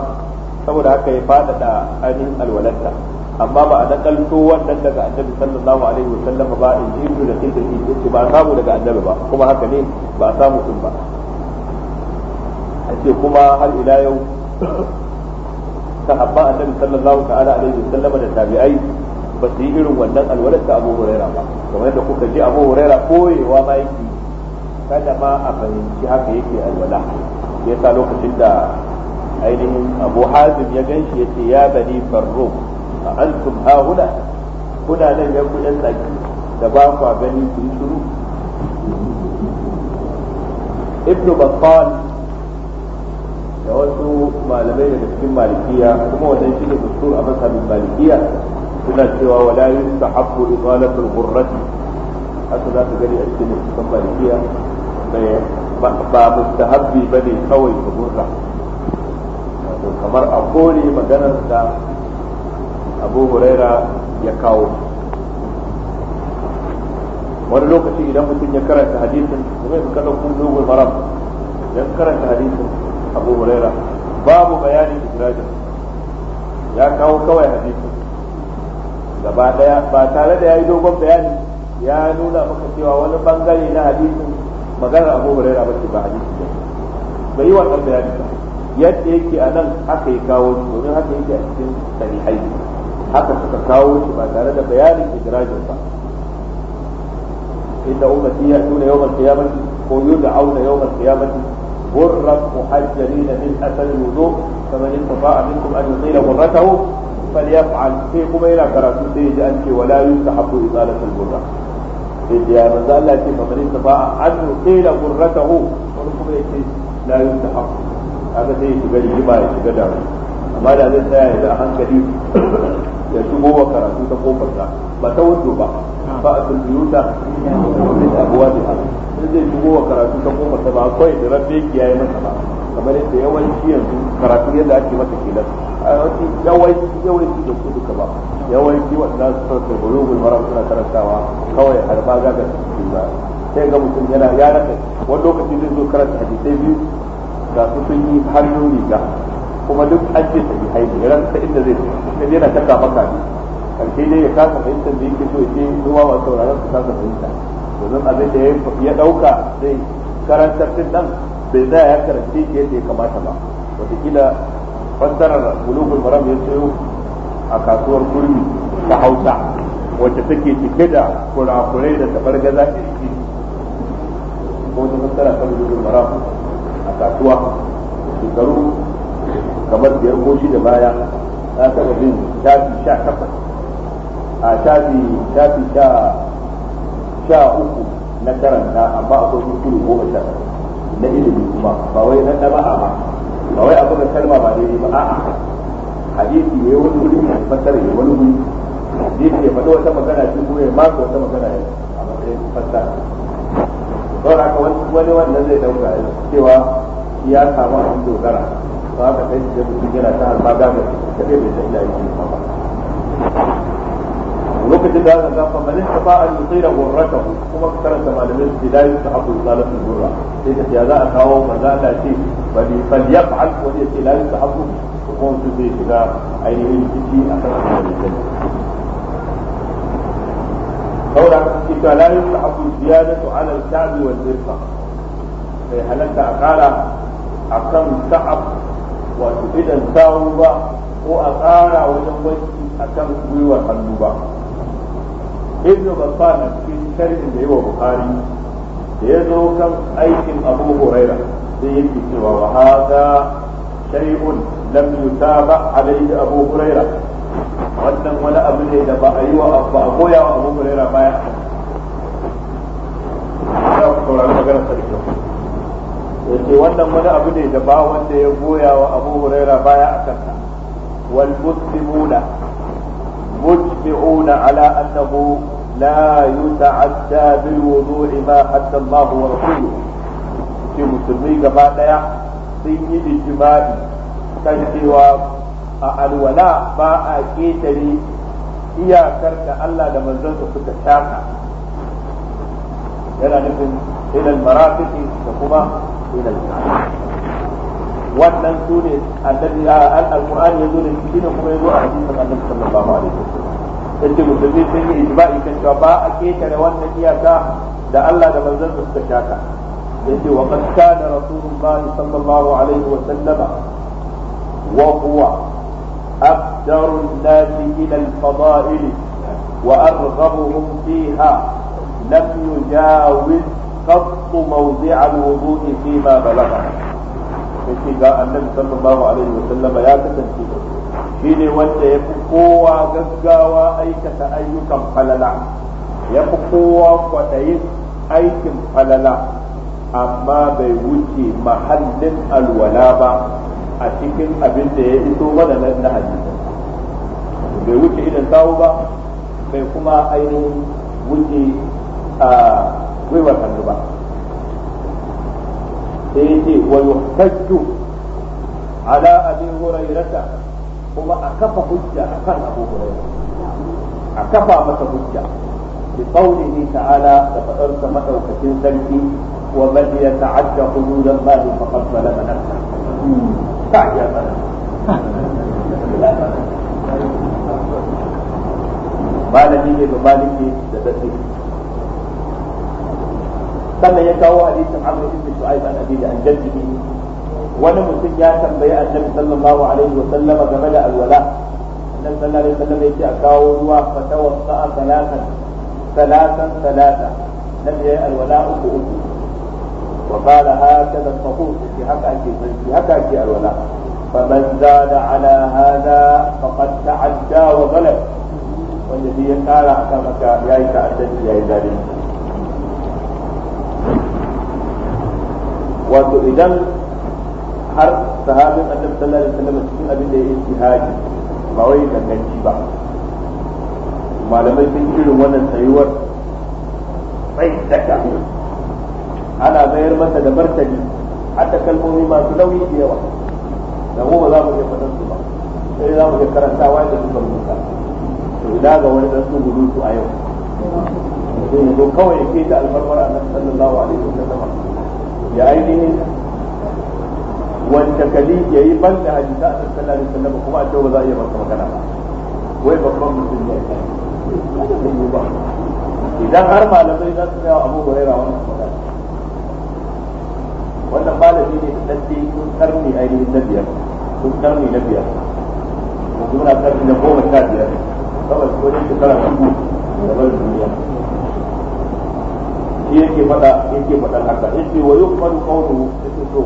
saboda haka ya faɗaɗa ainihin alwalarta amma ba a to wannan daga annabi sallallahu alaihi wa sallam ba in ji da da in yace ba a samu daga annabi ba kuma haka ne ba a samu din ba a ce kuma har ila yau sahabba annabi sallallahu ta'ala alaihi wa sallam da tabi'ai ba su yi irin wannan alwalar ta Abu Huraira ba kamar yadda kuka ji Abu Huraira koyewa ba yake kada ma a fahimci haka yake alwala yasa lokacin da ainihin Abu Hazim ya ganshi yace ya bani farruq a antum hauna kuna nan yan ku yan tsaki da ba kwa gani ku yi shiru ibnu battal da wasu malamai daga cikin malikiya kuma wannan shi ne dustur a masabin malikiya suna cewa wala yusahabu idalatul ghurrati haka za ka gani a cikin dustur malikiya ba mustahabbi bane kawai ga gurra kamar a kore maganar da abu huraira ya kawo wani lokaci idan mutum ya karanta hadisin kuma su kada kun dogon maram idan karanta hadisin abu huraira babu bayanin idrajin ya kawo kawai hadisin gaba daya ba tare da ya yi dogon bayani ya nuna maka cewa wani bangare na hadisin maganar abu huraira ba ce ba hadisin bai yi wannan bayani ba yadda yake a nan haka ya kawo domin haka yake a cikin sahihai haka suka kawo shi ba tare da bayanin idrajin ba inda ummati ya tuna yawmal qiyamati ko auna min yud'auna yawmal qiyamati غرا محجلين من اثر الوضوء فمن استطاع منكم ان يطيل ya فليفعل sai kuma yana karatu sai ji an ce wala yusahabu izalatul gurra sai ya manzo Allah ce faman istata'a an yuqila gurratahu wani kuma yace la yusahabu kaga sai ya shiga rigima ya shiga damu amma da zai tsaya ya a hankali ya shigo wa karatu ta kofar sa ba ta wato ba ba a sun biyuta min abuwa da sai zai shigo wa karatu ta kofar sa ba kawai da rabbe ki yayi masa ba kamar yadda yawanci yanzu karatu yadda ake masa kenan yawanci yawanci yawanci da su duka ba yawanci wanda su sauke bulugul maram suna karantawa kawai har ba ga su ba sai ga mutum yana ya rasa wani lokaci zai zo karanta hadisai biyu ga su sun yi hannun riga kuma duk an ce sahihai ne ran ta inda zai tafi yana ta maka kafi karshe dai ya kasa fahimta da yake so yake ruwa wa sauraron su kasa fahimta domin abin da ya dauka zai karantar din nan bai za ya karanci ke yadda ya kamata ba wataƙila fassarar bulugul maram ya sayo a kasuwar kurmi ta hausa wacce take cike da kurakurai da tabar gaza ciki ko ta fassara ta bulugul maram a kasuwa shekaru kamar biyar ko da baya ta saba bin shafi sha takwas a shafi shafi sha sha uku na karanta amma akwai kuskure goma sha na ilimi kuma ba wai na a ba ba wai abu da kalma ba daidai ba a'a hadisi ne wani wuri ne fassara ne wani wuri hadisi ya faɗi wata magana shi ko ya maka wata magana ya a matsayin fassara don haka wani wannan zai dauka cewa ya samu abin dogara ba ka kai da mutum yana ta harba da ga kaɗai bai san yayi ba lokacin da aka gafa man istafa an yusira ghurratahu kuma ka karanta malamin su da yusa abu salatu ghurra sai ka ya za a kawo manzo Allah ce bali fal yaf'al wa yace la yusa abu ko su zai shiga ainihin ciki akan wannan saboda haka suke cewa la yusahabu ziyadatu ala al-ka'b wal mirfa sai halatta a kara akan ka'ab wato idan sawu ba ko a tsara wajen wanki a kan gwiwar hannu ba ibnu babba na cikin sharhin da yi wa bukari da ya zo kan aikin abu horaira zai yi cewa wa hada shay'un lam yutaba alayhi abu horaira wannan wani abu ne da ba a yi wa ba a koya wa abu horaira baya za ku saurari sarki yace wannan wani abu ne da ba wanda ya goya wa Abu Huraira baya a kansa wal muslimuna mujmi'una ala annahu la yuta'adda bil wudu'i ma hatta Allah wa rasuluhu ke musulmi gaba daya sun yi ijma'i kan cewa a alwala ba a ketare iyakar da Allah da manzansa suka shaka yana nufin إلى المرافق وكما إلى المرافق وأن سوني الذي القرآن يزول الكتين وكما يزول النبي صلى الله عليه وسلم أنت مدبير في إجباء يكن شعباء اكيد انا نجيا دا دا الله لما منزل استشاكا. أنت وقد كان رسول الله صلى الله عليه وسلم وهو اقدر الناس إلى الفضائل وأرغبهم فيها لم يجاوز قط موضع الوضوء فيما بلغ yake ga annabi sallallahu alaihi wa sallama ya kasance shi ne wanda ya fi kowa gaggawa aikata ayyukan falala ya fi kowa kwaɗayin aikin falala amma bai wuce mahallin alwala ba a cikin abin da ya iso mana na hadisi bai wuce idan sawu ba bai kuma ainihin wuce a gwiwar hannu ba sai yace wa yuhtajju ala abi hurairata kuma a kafa hujja akan abu hurairah a kafa masa hujja bi qawlihi ta'ala da fadarsa madaukakin sarki wa man yata'adda hudud Allah faqad zalama nafsa ta ya bana malami ne ba maliki da dadi sannan ya kawo hadisin amr ibn shu'aib an abi da jaddihi wani mutum ya tambayi annabi sallallahu alaihi wa sallama game da alwala annabi sallallahu alaihi wa sallama yace a kawo ruwa fa tawassa salatan salatan salata nan yayi alwala uku uku wa qala hakada tahur fi haka ake fi haka ake alwala faman zada ala hada faqad ta'adda wa zalam wanda ya kara aka maka yayi wato idan har sahabin annabi sallallahu alaihi wasallam cikin abin da ya yi shihadi ba wai danganci ba malamai sun irin wannan tsayuwar tsayi daka ana mayar masa da martani hatta kalmomi masu nauyi da yawa da mu ba za mu iya faɗan su ba sai za mu iya karantawa da suka rubuta to ina ga wani dan su gudu su a yau sai ya zo kawai ya keta alfarmar annabi sallallahu alaihi wasallam ya ainihin wanda kali ya yi ban da hadisa a sallallahu alaihi wasallam kuma a ce ba za a iya masa magana ba wai babban mutum ne yi ba idan har malamai za su tsaya abu huraira wannan magana wannan malami ne da daddi sun karni ainihin na biyar sun karni na biyar yanzu muna karni na goma sha biyar kawai ko ne shekara hudu da barin duniya shi yake faɗa yake faɗar haka ce wa yuqbalu qawluhu yace so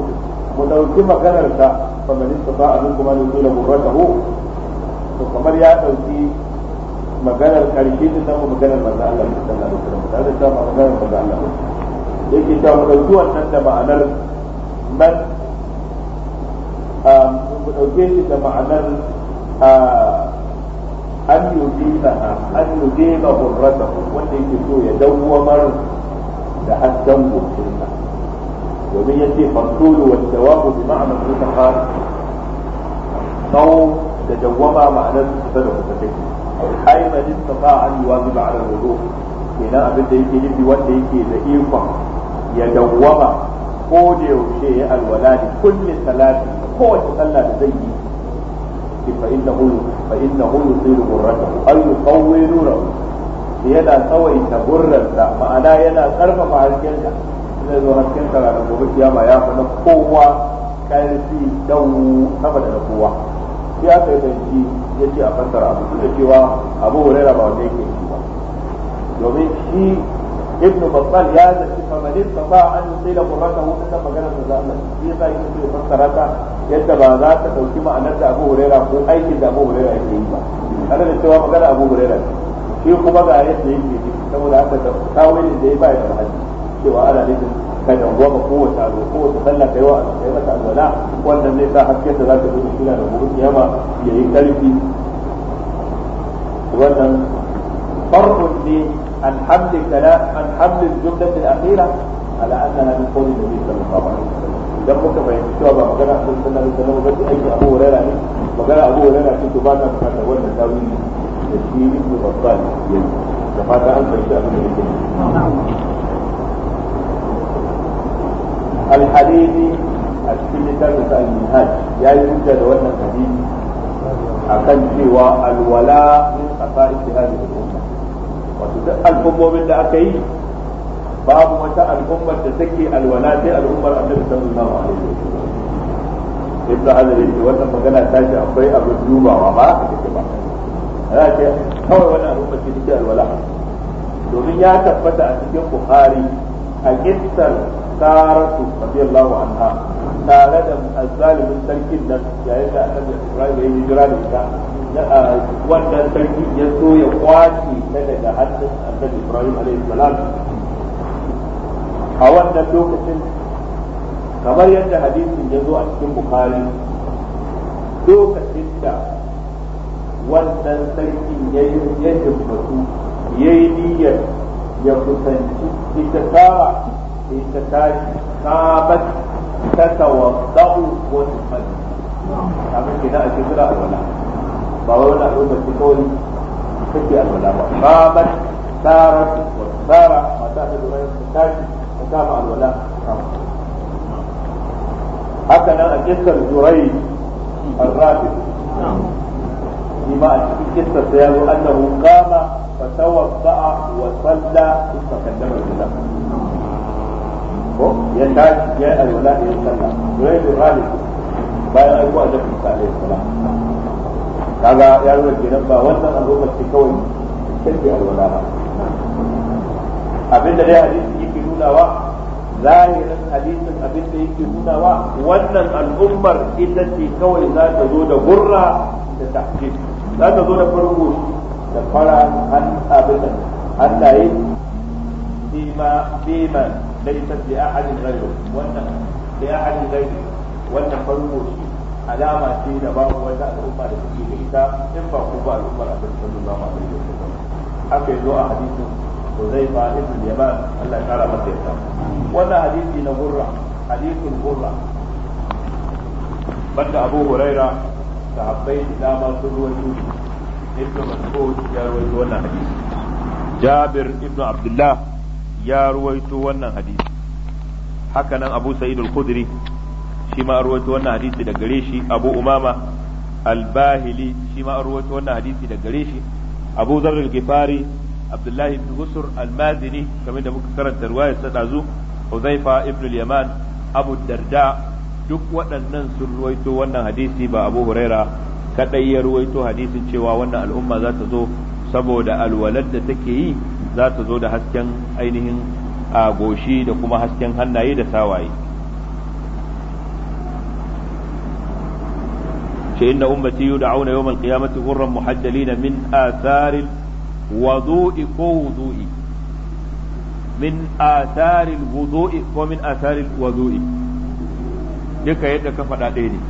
mu dauki maganar ta fa man istata'a minkum an yusila burratahu to kamar ya dauki maganar karshe din nan maganar manzo Allah sallallahu alaihi ta da ta maganar manzo Allah yake ta mu dauki wannan da ma'anar man um, mu dauke shi da ma'anar uh, an yuzila an yuzila burratahu wanda yake so ya dawo mara. تحكموا بالسنة ومن يتي فالطول والثواب بمعنى الفتحة نوم تدوم معنى الفتحة أي من استطاع أن يواظب على الوضوء هنا أبدا يكي نبي وانده يكي لإيقا يدوم كود يوشي الولاد كل ثلاثة قوة صلى لزيه فإنه فإنه يطيل مرته أي يطول نوره yana tsawaita burrarsa ma'ana yana karfafa haskensa zai zo hasken ranar gobe kiyama ya fi na kowa karfi dan sama da na kowa sai aka yi ya ce a fassara abu duk da cewa abu huraira ba wanda yake ba domin shi ibnu battal ya zaci kamar yadda ba an sai da qurrata hu ta magana da zalla shi yasa yake so ya fassara ta yadda ba za ta dauki ma'anar da abu huraira ko aikin da abu huraira yake yi ba tare da cewa magana abu huraira ce shi kuma ga yadda yake saboda haka da tawilin da ya bayar da hajji cewa ana da kai nufin ka dangwama kowace alwa kowace sallah kai wa kai mata alwala wannan ne sa hasken da za ka zo shi da gobe kiyama ya yi karfi wannan farqun ne an hamd kalam an hamd al-jumlah al-akhira ala annaha min qawli nabi sallallahu alaihi wasallam idan muka fahimci cewa ba magana sun sanar da wasallam ba ce aiki abu hurairah ne magana abu hurairah ce to ba ta bukatar wannan tawili da shi ibnu battal yayi da fata an fahimci abin da yake الحديث أشكل لتابع المنهاج يا يوجد وأن الحديث akan cewa alwala min khasa'is hadhihi al-umma wato duk al'ummomin da aka yi babu wata al'ummar da take alwala sai al'ummar annabi sallallahu alaihi wasallam ibn hazar wannan magana ta ce akwai abin dubawa ba haka take ba za kawai wani al'umma ce take alwala domin ya tabbata a cikin buhari a kissar saratu radiyallahu anha tare da azzalimin sarkin nan yayin da annabi Ibrahim ya yi jira da ita wannan sarki ya so ya kwace ta daga hannun annabi Ibrahim alaihi salam a wannan lokacin kamar yadda hadisin ya zo a cikin buhari lokacin da wannan sarkin ya yi ya himmatu ya yi niyyar ya kusanci ita tara ita tashi kamat ta tawadda'u wa tumani kamar ke na a shekara a wala ba wai wani abin mace kawai kake a wala ba kamat tara wa tsara mata da zuwa ta tashi ta kama alwala haka nan a kisar a rafi. shi ma a cikin kissa sai ya zo annahu ma fa tawaffa'a wa salla thumma kaddama al-qibla ko ya tashi ya alwala ya salla to ya yi hali bayan aiko a dafi sa alaihi salam kaga ya zo kenan ba wannan annoba ce kawai kike alwala ba abinda dai hadisi yake nunawa zahirin hadisin abin da yake nunawa wannan al'ummar ita ce kawai za ta zo da gurra da tahqiq za ta zo da farko da fara an abin da hannaye bima bima laysa bi ahadin ghayru wannan bi ahadin ghayru wannan farko shi alama ce da babu wata al'umma da take da ita in ba ku ba al'ummar abin sallallahu alaihi wasallam aka yi zo a hadisin Huzaifa ibn Yaman Allah ya kara masa yarda wannan hadisi na gurra hadisin gurra banda Abu Huraira sahabbai dama sun ruwaito ibn mas'ud ya ruwaito wannan hadisi jabir ibn abdullah ya ruwaito wannan hadisi haka nan abu sa'id al-khudri shi ma ruwaito wannan hadisi da gare shi abu umama al-bahili shi ma ruwaito wannan hadisi da gare shi abu zarr al-ghifari abdullahi ibn husr al-madini kamar da muka karanta riwayar sa dazu huzaifa ibn al-yaman abu darda duk waɗannan sun ruwaito wannan hadisi ba abu huraira kadai ya ruwaito hadisin cewa wannan al'umma za ta zo saboda alwalar da take yi za ta zo da hasken ainihin a goshi da kuma hasken hannaye da sawaye ce inna ummati yud'auna yawm al-qiyamati ghurran muhaddalina min athari wudu'i min athari wudu'i ko min athari wudu'i duka yadda ka faɗa ɗaya ne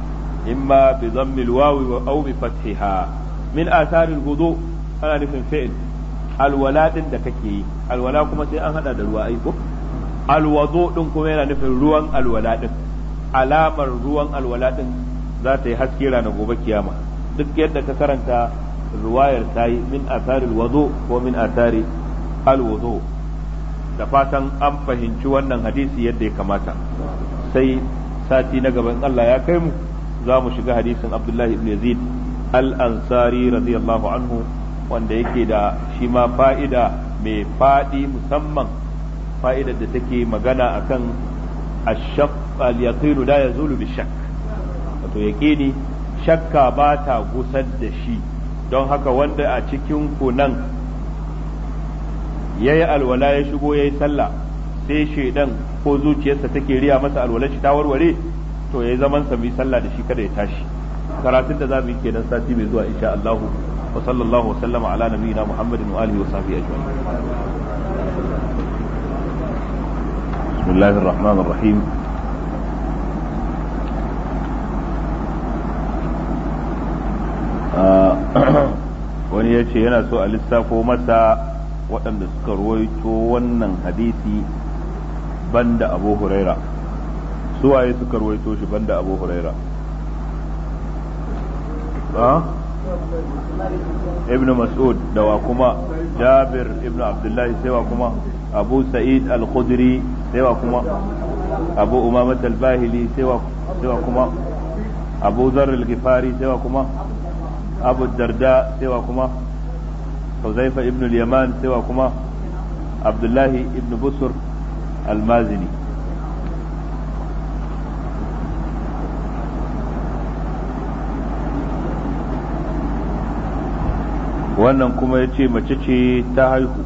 In ma bi zammil wawi wa au bi fathiha min atharil gudu ana nufin fi'il alwala din da kake yi alwala kuma sai an hada da ruwa ai ko alwado din kuma yana nufin ruwan alwala din alamar ruwan alwala din za ta yi haske ranar gobe kiyama duk yadda ka karanta ruwayar ta yi min atharil wazo ko min athari alwazo da fatan an fahimci wannan hadisi yadda ya kamata sai sati na gaban Allah ya kai mu za mu shiga hadisin Abdullahi ibn Yazid al-Ansari radiyallahu anhu wanda yake da shi ma fa'ida mai faɗi musamman fa'idar da take magana akan kan al-yaqinu la yazulu bi shakk wato yaqini shakka ba ta gusar da shi don haka wanda a cikin ku nan yayi alwala ya shigo yayi sallah sai shaidan ko zuciyarsa take riya masa alwalar shi ta warware to yayi zaman sa mu sallah da shi kada ya tashi karatun da zamu yi kenan sati mai zuwa insha Allah wa sallallahu wa sallama ala nabiyina Muhammadin wa alihi wa sahbihi ajma'in bismillahir rahmanir rahim ah, wani ya ce yana so a lissafo masa waɗanda suka ruwaito wannan hadisi banda abu huraira suwaye suka ruwaito shi banda abu huraira ibn mas'ud da wa kuma jabir ibn abdullahi sai wa kuma abu sa'id al-khudri sai wa kuma abu umamat al-bahili sai wa kuma abu zar al-ghifari sai wa kuma abu darda sai wa kuma huzaifa ibn al-yaman sai wa kuma abdullahi ibn busur المازني wannan kuma ya ce mace ce ta haihu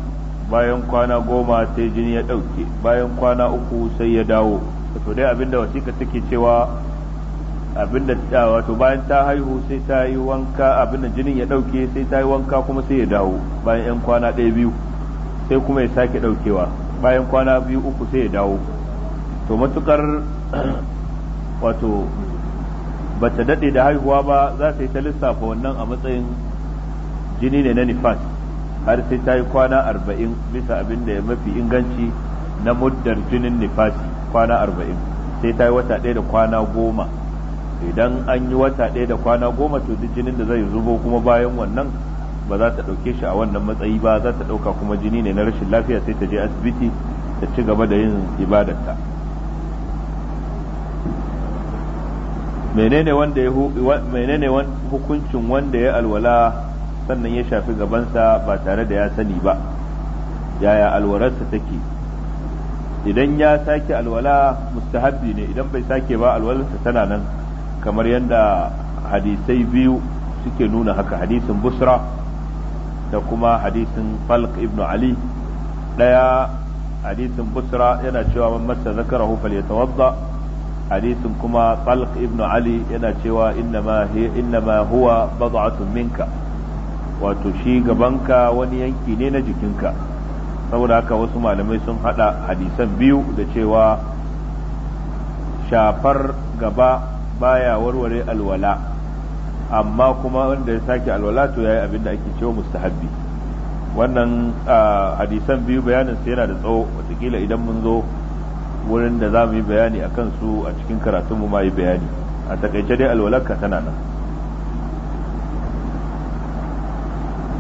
bayan kwana goma sai jini ya ɗauke bayan kwana uku sai ya dawo to dai abinda wasika take cewa abinda ta wato bayan ta haihu sai ta yi wanka abinda jinin ya ɗauke sai ta yi wanka kuma sai ya dawo bayan 'yan kwana ɗaya biyu sai kuma ya sake ɗaukewa bayan kwana biyu uku sai ya dawo to matukar wato ba ta daɗe da haihuwa ba za ta yi ta lissafa wannan a matsayin jini ne na nifas har sai ta yi kwana arba'in bisa abin da ya mafi inganci na muddar jinin nifasi kwana arba'in sai ta yi wata ɗaya da kwana goma idan an yi wata ɗaya da kwana goma to duk jinin da zai zubo kuma bayan wannan ba za ta ɗauke shi a wannan matsayi ba za ta ɗauka kuma jini ne na rashin lafiya sai ta je asibiti ta ci gaba da yin ibadarta menene wanda ya menene hukuncin wanda ya alwala sannan ya shafi gabansa ba tare da ya sani ba yaya alwararsa take idan ya sake alwala mustahabbi ne idan bai sake ba alwalarsa tana nan kamar yadda hadisai biyu suke nuna haka hadisin busra da kuma hadisin falk ibn ali daya hadisin busra yana cewa man massa zakarahu falyatawadda hadisin kuma falk ibn ali yana cewa innama innama huwa bad'atun minka wato shi gabanka wani yanki ne na jikinka saboda haka wasu malamai sun hada hadisan biyu da cewa shafar gaba baya warware alwala amma kuma wanda ya sake alwala to yi abin da ake cewa mustahabbi wannan hadisan biyu bayanin sai yana da tsawo watakila idan mun zo wurin da za mu yi bayani a kansu a cikin karatun mu ma yi bayani a takaice dai alwalarka tana nan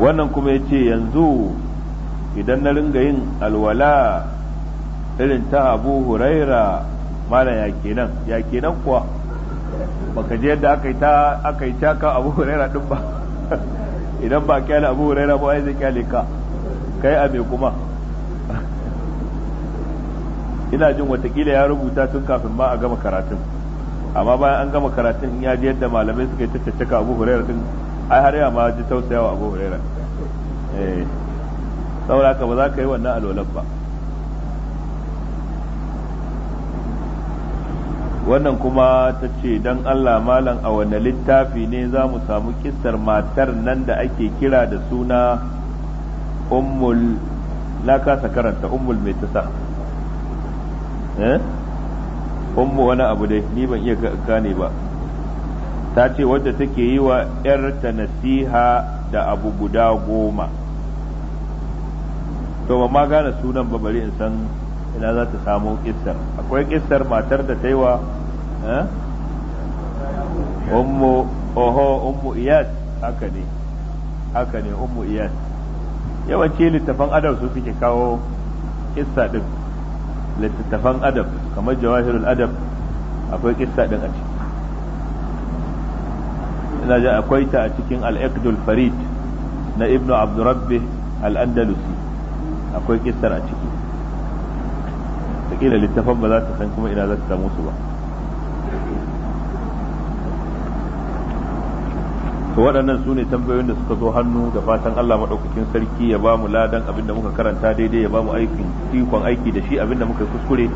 wannan kuma ya ce yanzu idan na ringa yin alwala irin ta abu huraira malam ya kenan ya kenan kuwa baka je yadda aka yi ta aka yi caka abu huraira din ba idan ba kyale abu huraira ba ai zai kyale ka kai a me kuma ina jin watakila ya rubuta tun kafin ma a gama karatun amma bayan an gama karatun in ya ji yadda malamai suka yi ka abu huraira din ai har ya ma ji tausayawa abu huraira eh saboda ba za ka yi wannan alolan ba wannan kuma ta ce don Allah malam a wane littafi ne za mu samu kisar matar nan da ake kira da suna ummul na kasa karanta ummul mai tasa eh ummu wani abu dai ni ban iya gane ba ta ce wadda take yi wa 'yarta nasiha da abu guda goma to ba ma gane sunan ba bari in san ina za ta samu kistar akwai kistar matar da ta yi wa eh? ummu oho ummu iyas haka ne haka ne ummu iyas yawanci littafan adab su suke kawo kissa din littattafan adab kamar jawahirul adab akwai kissa din a ciki ina ji akwai ta a cikin al farid na ibnu abdurrabbi al-andalusi akwai kistar a ciki da kila littafan ba za ta san kuma ina za ta samu su ba to waɗannan su ne tambayoyin da suka zo hannu da fatan Allah maɗaukakin sarki ya ba mu ladan abin da muka karanta daidai ya ba mu aikin ikon aiki da shi abin da muka kuskure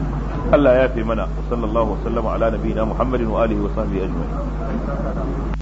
Allah ya fi mana sallallahu wa sallama ala nabiyina Muhammadin wa alihi wa sahbihi ajma'in